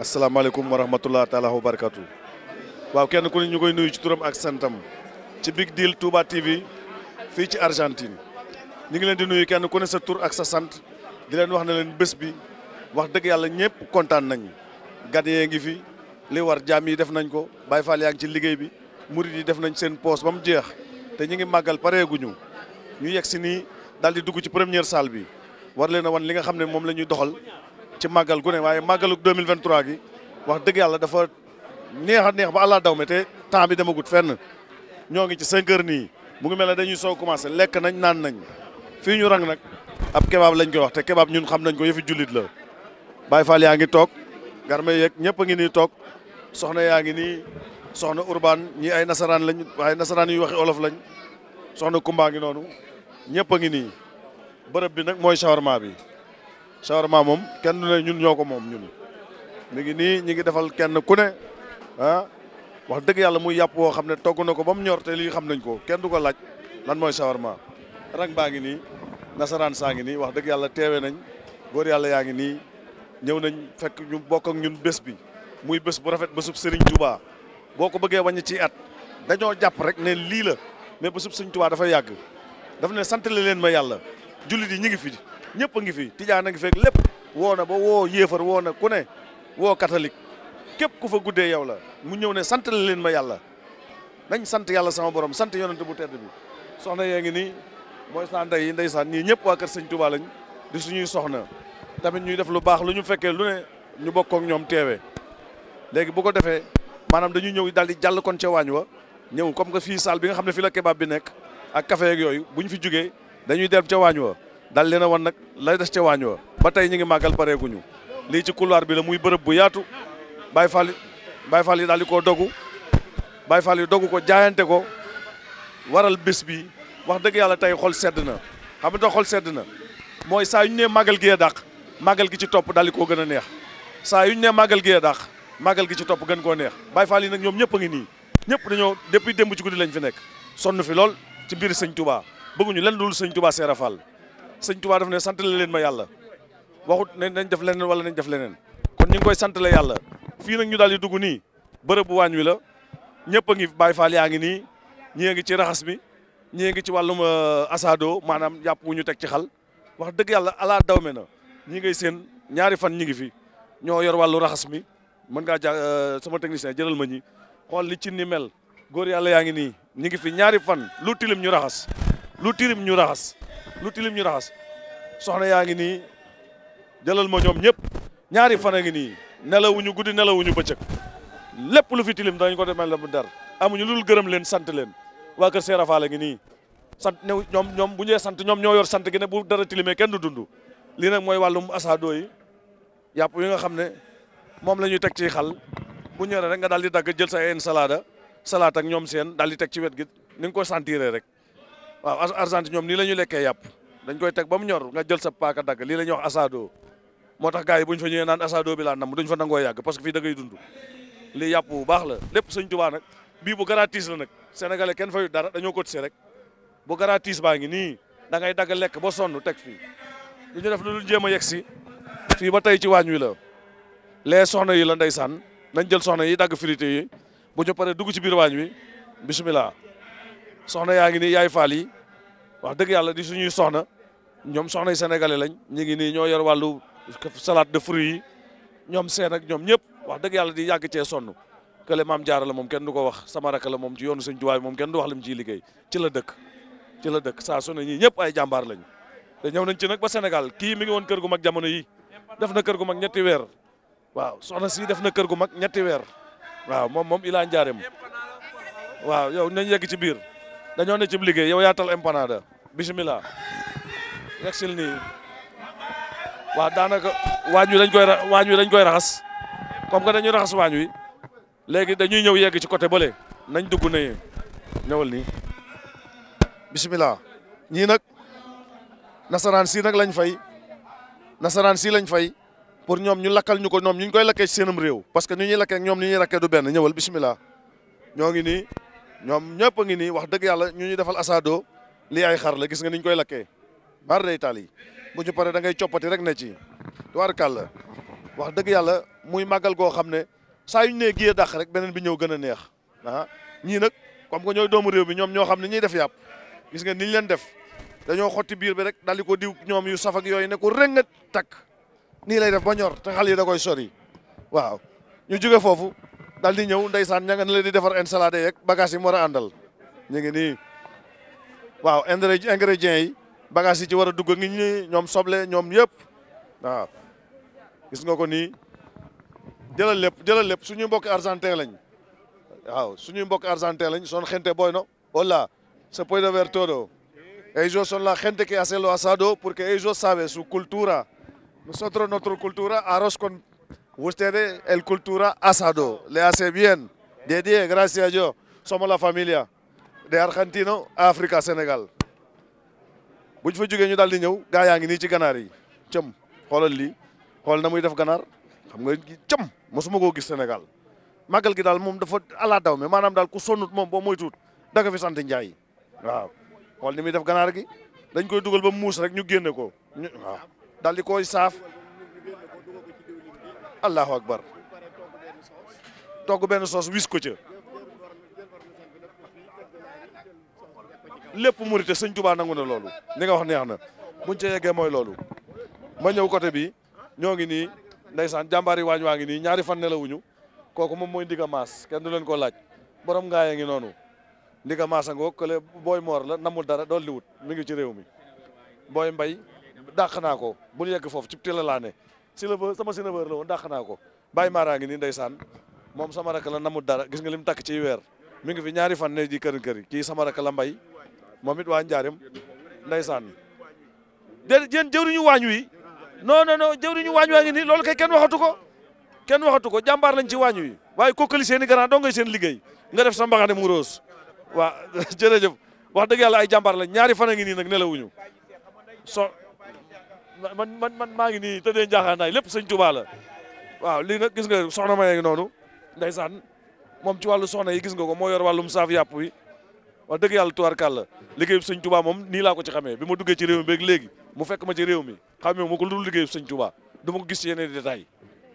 asalaamaaleykum wa rahmatulah taalaa wa barakaatu. waaw kenn ku ne ñu koy nuyu ci turam ak santam ci Big diil Touba TV fii ci Argentine ñu ngi leen di nuyu kenn ku ne sa tur ak sa sant di leen wax na leen bés bi wax dëgg yàlla ñëpp kontaan nañ gan yee ngi fi li war jaam yi def nañ ko Baye Fall yaa ci liggéey bi murid yi def nañ seen poos ba mu jeex te ñu ngi màggal pareeguñu ñu yegg si nii daal di dugg ci première salle bi war leen a wan li nga xam ne moom la ñuy doxal ci màggal gu ne waaye màggalu 2023 gi wax dëgg yàlla dafa neex a neex ba àllaa daw me te temps bi demagut fenn ñoo ngi ci 5 nii mu ngi mel ne dañuy soow commencé lekk nañ naan nañ fii ñu rang nag ab kebaab lañ koy wax te kebaab ñun xam nañ ko yëfi jullit la Baye Fall yaa ngi toog garme yeeg ñëpp a ngi nii toog soxna yaa ngi nii soxna urban ñi ay nasaraan lañ waaye nasaraan yi waxi olof lañ soxna kumbaa ngi noonu ñëpp a ngi nii bërëb bi nag mooy shawarma bi shawarma moom kenn du ne ñun ñoo ko moom ñun mi ngi nii ñu ngi defal kenn ku ne ah wax dëgg yàlla muy yàpp woo xam ne togg na ko ba mu ñor lii xam nañ ko kenn du ko laaj lan mooy shawarma rang baa ngi nii nasaraan saa ngi nii wax dëgg yàlla teewe nañ góor yàlla yaa ngi nii ñëw nañ fekk ñu bokk ak ñun bés bi muy bés bu rafet ba sub Serigne Touba boo ko bëggee wàññi ci at dañoo jàpp rek ne lii la mais ba sub Serigne Touba dafa yàgg daf ne sant leen ma yàlla jullit yi ñu ngi fi ñëpp a ngi fi tijaan a ngi fekk lépp woo ba woo yéefar woo na ku ne woo catholique képp ku fa guddee yow la mu ñëw ne sant la leen ma yàlla nañ sant yàlla sama borom sant yonent bu tedd bi soxna yee ngi nii mooy sa ndey yi ndeysaan nii ñëpp waa kër sëñ Touba lañ di suñuy soxna tamit ñuy def lu baax lu ñu fekkee lu ne ñu bokk ak ñoom teewee léegi bu ko defee maanaam dañuy ñëw daal di jàll koon ca waañ wa ñëw comme que fii salle bi nga xam ne fii la kebab bi nekk ak café yooyu bu ñu fi jugee dañuy dem ca wa daal leen a wan nag la des ca waañ wa ba tey ñu ngi màggal pareeguñu lii ci couloir bi la muy bërëb bu yaatu Baye Fall Baye Fall yi daal di koo dogu Baye Fall yi dogu ko jaayante ko waral bés bi wax dëgg yàlla tey xol sedd na xam nga xol sedd na mooy saa yu ñu nee màggal gi dàq màggal gi ci topp daal di koo gën a neex saa yu ñu nee màggal gi dàq màggal gi ci topp gën koo neex Baye Fall yi nag ñoom ñëpp a ngi nii ñëpp dañoo depuis demb ci guddi lañ fi nekk sonn fi lool ci biir sëñ Touba bëgguñu lenn dul sëñ Touba Serap Fall sëñ Tuubaa daf ne sant la leen ma yàlla waxut ne nañ def leneen wala nañ def leneen kon ñi ngi koy sant la yàlla fii nag ñu daal di dugg nii bërëb bu waañ wi la ñëpp a ngi Baay Faal yaa ngi nii ñii ngi ci raxas mi ñii ci wàllum euh, asaado maanaam yàpp wu ñu teg ci xal wax dëgg yàlla alaa na ñi ngay seen ñaari fan ñi ngi fi ñoo yor wàllu raxas mi mën ngaa ja euh, sama technicien jëlal ma ñi xool li ci ni mel góor yàlla yaa ngi nii ñi ngi fi ñaari fan lu tilim ñu raxas lu tilim ñu raxas lu tilim ñu raxas soxna yaa ngi nii jëlal ma ñoom ñëpp ñaari fan a ngi nii nelawuñu guddi nelawuñu bëccëg lépp lu fi tilim danañ ko demel la mu dar amuñu lu gërëm leen sant leen waa kër Seera Faal a ngi nii sant new ñoom ñoom bu ñee sant ñoom ñoo yor sant gi ne bu dara tilimee kenn du dund lii nag mooy wàllum asaadoo yi yàpp yi nga xam ne moom lañuy teg ci xal bu ñëwee rek nga daal di dagg jël sa en salada salaat ak ñoom seen daal di teg ci wet gi ni nga ko sentiree rek waaw Argentine ñoom nii la lekkee yàpp dañ koy teg ba mu ñor nga jël sa paaka dagg lii la ñuy wax asado moo tax gaa yi bu ñu fa ñëwee naan asado bi laa nam duñ fa nangoo yàgg parce que fii da ngay dund lii yàpp bu baax la lépp sëñ Tuubaa nag bii bu gratis la nag sénégalais kenn fayu dara dañoo cotiser rek bu gratis baa ngi nii dangay ngay dagg lekk ba sonn teg fii lu ñu def lu jéem a yegg si fii ba tey ci waañ wi la les soxna yi la ndeysaan nañ jël soxna yi dagg frité yi bu ñu paree dugg ci biir waañ wi bisimilah soxna yaa ngi nii yaay faal yi wax dëgg yàlla di suñuy soxna ñoom soxna yu sénégalais lañ ñu ngi nii ñoo yor wàllu salade de fruits yi ñoom seen ak ñoom ñëpp wax dëgg yàlla di yàgg cee sonn kële maam jaara la moom kenn du ko wax sama rakk la moom ci yoonu sëñ Tuubaa bi moom kenn du wax lim ciy liggéey ci la dëkk ci la dëkk saa su ne ñii ñëpp ay jàmbaar lañu te ñëw nañ ci nag ba Sénégal kii mi ngi woon kër gu mag jamono yi def na kër gu mag ñetti weer waaw soxna si def na kër gu mag ñetti weer waaw moom moom ilaa njaareem waaw yow nañ yegg ci biir dañoo ne cib liggéey yow yaa tal empanada bisimilah yegsil nii waaw daanaka waañ wi dañ koy waañ wi dañ koy raxas comme que dañuy raxas waañ wi léegi dañuy ñëw yegg ci côté bële nañ dugg ne ñëwal nii bisimilah ñii nag nasaraan si nag lañ fay nasaraan si lañ fay pour ñoom ñu lakkal ñu ko ñoom ñu koy lakkee ci seenam réew parce que ñu ñuy lakkee ñoom ñu ñuy lakkee du benn ñëwal bisimilah ñoo ngi nii ñoom ñëpp a ngi nii wax dëgg yàlla ñu ñu defal asado lii ay xar la gis nga niñ koy lakkee mar day taal yi bu ñu paree da ngay coppati rek ne ci la wax dëgg yàlla muy màggal goo xam ne saa yu ñu nee giyee dàq rek beneen bi ñëw gën a neex ah ñii nag comme que ñooy doomu réew mi ñoom ñoo xam ne ñuy def yàpp gis nga niñ leen def dañoo xotti biir bi rek daal di ko diw ñoom yu saf ak yooyu ne ko rëngat takk nii lay def ba ñor te xal yi da koy sori waaw ñu jóge foofu daal di ñëw ndeysaan ña nga ne leen di defar ensalade yeeg bagage yi mu war a àndal ñu ngi nii waaw ingrédients yi bagage yi ci war a dugg ngi nii ñoom soble ñoom yëpp waaw gis nga ko ni jëlal lépp jëlal lépp suñuy mbokk argentin lañ waaw suñuy mbokk argentin lañ son gente bueno hola se puede ver todo ellos son la gente que hace lo asado porque ellos saben su cultura nosotros cultura arroz con ustedes, el cultura asado, le hace bien. De 10, gracias a Dios. Somos la familia de Argentino, África, Sénégal. buñ fa jógee ñu daal di ñëw gaa yaa ngi nii ci ganaar yi cëm xoolal lii xool na muy def ganaar xam nga cëm mosuma koo gis Sénégal màggal gi daal moom dafa ala daw me maanaam daal ku sonnut moom boo moytuut da nga fi sant Njaay waaw xool ni muy def ganaar gi dañ koy dugal ba muus rek ñu génne ko waaw di koy saaf allahu akbar togg benn soos wis ko ca lépp murite sëñ Tuubaa nangu na loolu ni nga wax neex na buñ ca yeggee mooy loolu ma ñëw côté bi ñoo ngi nii ndeysaan jàmbaari waañ waa ngi nii ñaari fan nelawuñu kooku moom mooy ndiga maas kenn du leen ko laaj borom ngaaya ngi noonu ndiga maas a ngoog kële booy moor la namul dara dool liwut mi ngi ci réew mi booy mbay dàq naa ko bul yegg foofu ci télé sileveur sama sileveur la woon dàq naa ko bàyyi maaraa ngi nii ndeysaan moom sama rakk la namut dara gis nga lim takk ci weer mi ngi fi ñaari fan ne ji kër kër yi kii sama rakk la mbay moom it waa njaarim ndeysaan déedéet jën jëwriñu waañ wi non non non jëwriñu waañ waa ngi nii loolu kay kenn waxatu ko kenn waxatu ko jàmbaar lañ ci waañ wi waaye kokkali seen i grand doo ngay seen liggéey nga def sa mbaxane mu roos waa jërëjëf wax dëgg yàlla ay jàmbaar lañ ñaari fan a ngi nii nag nelawuñu so man man man maa ngi nii tëddee njaaxaanaay lépp sëñ Tuubaa la waaw lii nag gis nga soxna ma yeeg noonu ndeysaan moom ci wàllu soxna yi gis nga ko moo yor wàllum saaf yàpp wi wax dëgg yàlla tuwaarkal la liggéeyu sëñ Tuubaa moom nii laa ko ci xamee bi ma duggee ci réew mi beeg léegi mu fekk ma ci réew mi xamee ma ku lu liggéey liggéeyu sëñ Tuubaa du ma gis ci yeneen détails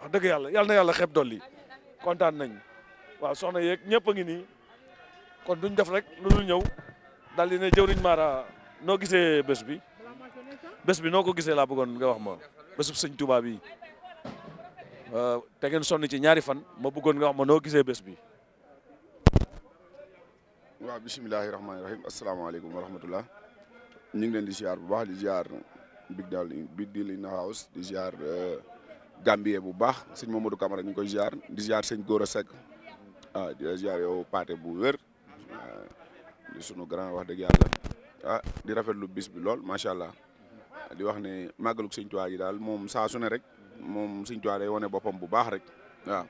wax dëgg yàlla yàlla na yàlla xeeb dolli kontaan nañ waaw soxna yeeg ñëpp a ngi nii kon duñ def rek lu dul ñëw noo gisee bés bi bés bi noo ko gisee laa bëggoon nga wax ma bésub sëñ Touba bi euh, te ngeen sonn ci ñaari fan ma bëggoon nga wax ma noo gisee bés bi. waaw bisimilahi rahmaani rahim asalaamaaleykum wa rahmatullah ñu ngi leen di ziar bu baax di ziar Big Deal Big Deal in di ziar euh, Gambie bu baax sëñ Mamadou Camara ñu ngi koy ziar di ziar sëñ Gora Seck ah di ziar yow Paate bu wér ah, di sunu grand wax dëgg yàlla ah di rafetlu bis bi lool macha di wax ne màggalug Sëñ yi daal moom saa su ne rek moom Sëñ Tuubaa day wane boppam bu baax rek waaw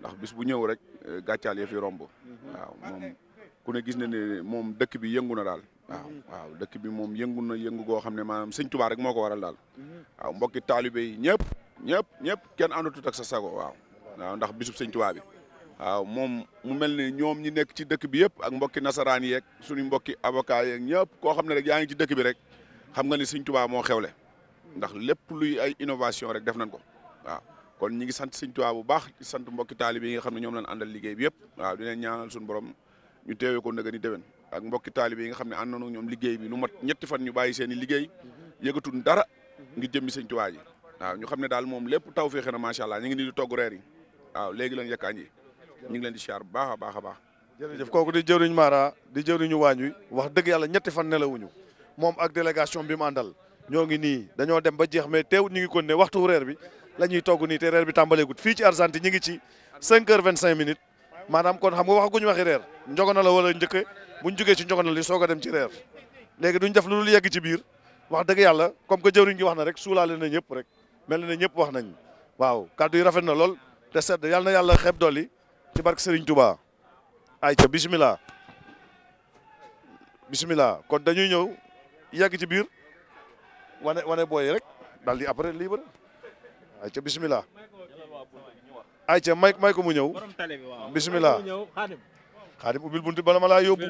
ndax bis bu ñëw rek eh, gàccaal ya fi romb waaw moom ku ne gis na ne moom dëkk bi yëngu na daal waaw dëkk bi moom yëngu na yëngu goo xam ne maanaam Sëñ rek moo ko waral daal waaw mbokki taalibe yi ñëpp ñëpp ñëpp kenn àndatut ak sa sago waaw ndax bisub Sëñ bi waaw moom mu mel ne ñoom ñi nekk ci dëkk bi yëpp ak mbokki nasaraan yeeg sunu mbokki avocat yeeg ñëpp koo xam ne rek yaa ngi ci dëkk bi rek xam nga ni Sëñ Tuubaa moo le ndax lépp luy ay innovation rek def nañ ko waaw kon ñi ngi sant Sëñ bu baax di sant mbokki taalibe yi nga xam ne ñoom lañ àndal liggéey bi yëpp waaw di leen ñaanal suñu borom ñu teewee ko ndëgëni déwén ak mbokki taalibe yi nga xam ne ànd nañu ñoom liggéey bi lu mat ñetti fan ñu bàyyi seen i liggéey yëgatun dara ngir jëmmi Sëñ Tuubaa ji waaw ñu xam ne daal moom lépp taw fii na macha allah ñu ngi nii di togg reer léegi lañ yekk añ yi ñu ngi leen di siyaar bu baax a baax a baax jërëjëf kooku di jëwriñ Mara di jëwriñu waañ wi wax dëgg yàlla ñetti fan nelawuñu moom ak délégation bi mu àndal ñoo ngi nii dañoo dem ba jeex mais teewut ñu ngi kon ne waxtu reer bi la ñuy togg nii te reer bi tàmbaleegut fii ci Argentine ñu ngi ci 5 heures 25 minutes maanaam kon xam nga waxaguñu waxi reer njogona la wala njëkke buñ jógee ci njogona li soog a dem ci reer léegi duñ def lu dul yegg ci biir wax dëgg yàlla comme que jëwriñ gi wax na rek suulaale na ñëpp rek mel na ñëpp wax nañ waaw kàddu yi rafet na lool te sedd yàlla na yàlla xeeb dolli ci barke Serigne Touba ay ca bismillah kon dañuy ñëw yàgg ci biir wane wane booy rek daal di après libre ay ca bismillah ay ca may ko mu ñëw bismillah xaadim ubbil buntu bala ma laa yóbbu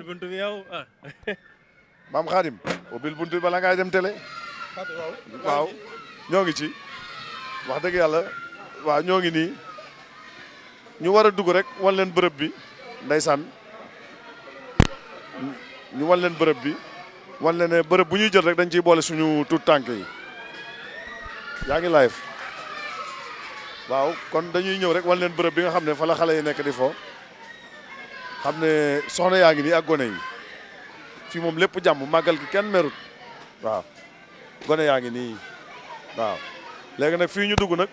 maam xaadim ubbil buntu bala ngay dem télé waaw ñoo ngi ci wax dëgg yàlla waaw ñoo ngi nii ñu war a dugg rek wan bërëb bi ndeysaan ñu wan bërëb bi wan na bërëb bu ñuy jël rek dañ ciy boole suñu tout tànk yi yaa ngi live waaw kon dañuy ñëw rek wan leen bërëb bi nga xam ne fa xale yi nekk di fo xam ne soxna yaa ngi nii ak gone yi fii moom lépp jàmm màggal gi kenn merut waaw gone yaa ngi nii waaw léegi nag fii ñu dugg nag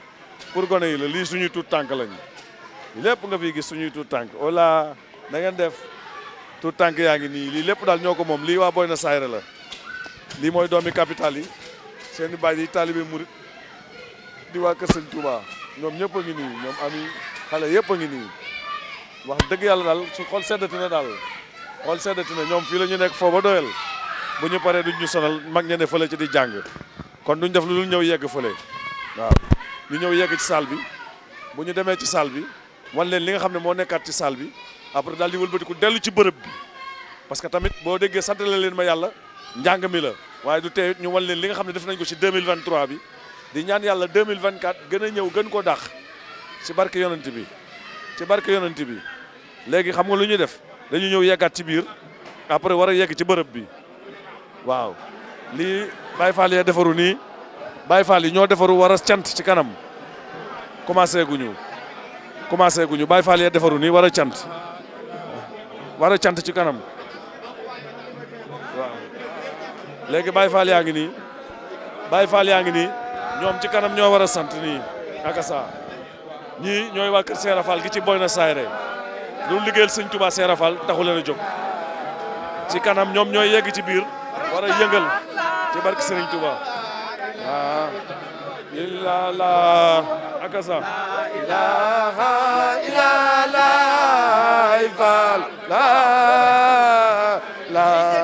pour gone yi la lii suñuy tuut tànk lañu lépp nga fiy gis suñuy tuut tànk ola na def tout tànk yaa ngi nii lii lépp daal ñoo ko moom lii waa Boy na Saayre la lii mooy doomi capital yi seen i baay yi taalibe murit di waa Kër Sëñ Touba ñoom ñëpp a ngi nii ñoom ami xale yëpp ngi nii wax dëgg yàlla daal su xool seddati na daal xool seddati na ñoom fii la ñu nekk foo ba doyal bu ñu paree duñ ñu sonal mag ñene fële ci di jàng kon duñ def lu dul ñëw yegg fële waaw ñu ñëw yegg ci salle bi bu ñu demee ci salle bi wan leen li nga xam ne moo nekkaat ci bi après daal di wëlbatiku dellu ci bërëb bi parce que tamit boo déggee sant la leen ma yàlla njàng mi la waaye du tee ñu wan leen li nga xam ne def nañ ko ci mil 2023 bi di ñaan yàlla 2024 gën a ñëw gën ko dàq ci barke yonent bi ci barke yonent bi léegi xam nga lu ñuy def dañu ñëw yeggaat ci biir après war a yegg ci bërëb bi waaw lii Baye Fall ya defaru nii Baye Fall lii ñoo defaru war a cant ci kanam commencé guñu commencé guñu Baye Fall ya defaru nii war a cant war a cant ci kanam waaw léegi Baye Fall yaa ngi nii Baye Fall yaa ngi nii ñoom ci kanam ñoo war a sant nii naka saa ñii ñooy waa kër gi ci boyna Aires lu liggéeyal sëñ Touba Seera Fall taxu leen a jóg ci kanam ñoom ñooy yegg ci biir war a yëngal ci barke Serigne Touba waaw. إلا الله أكسا لا إله إلا الله لا لا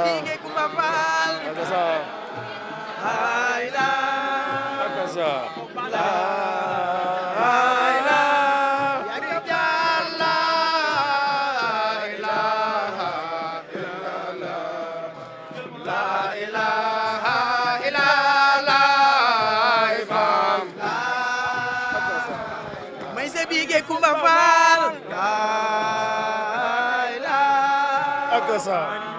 Faal.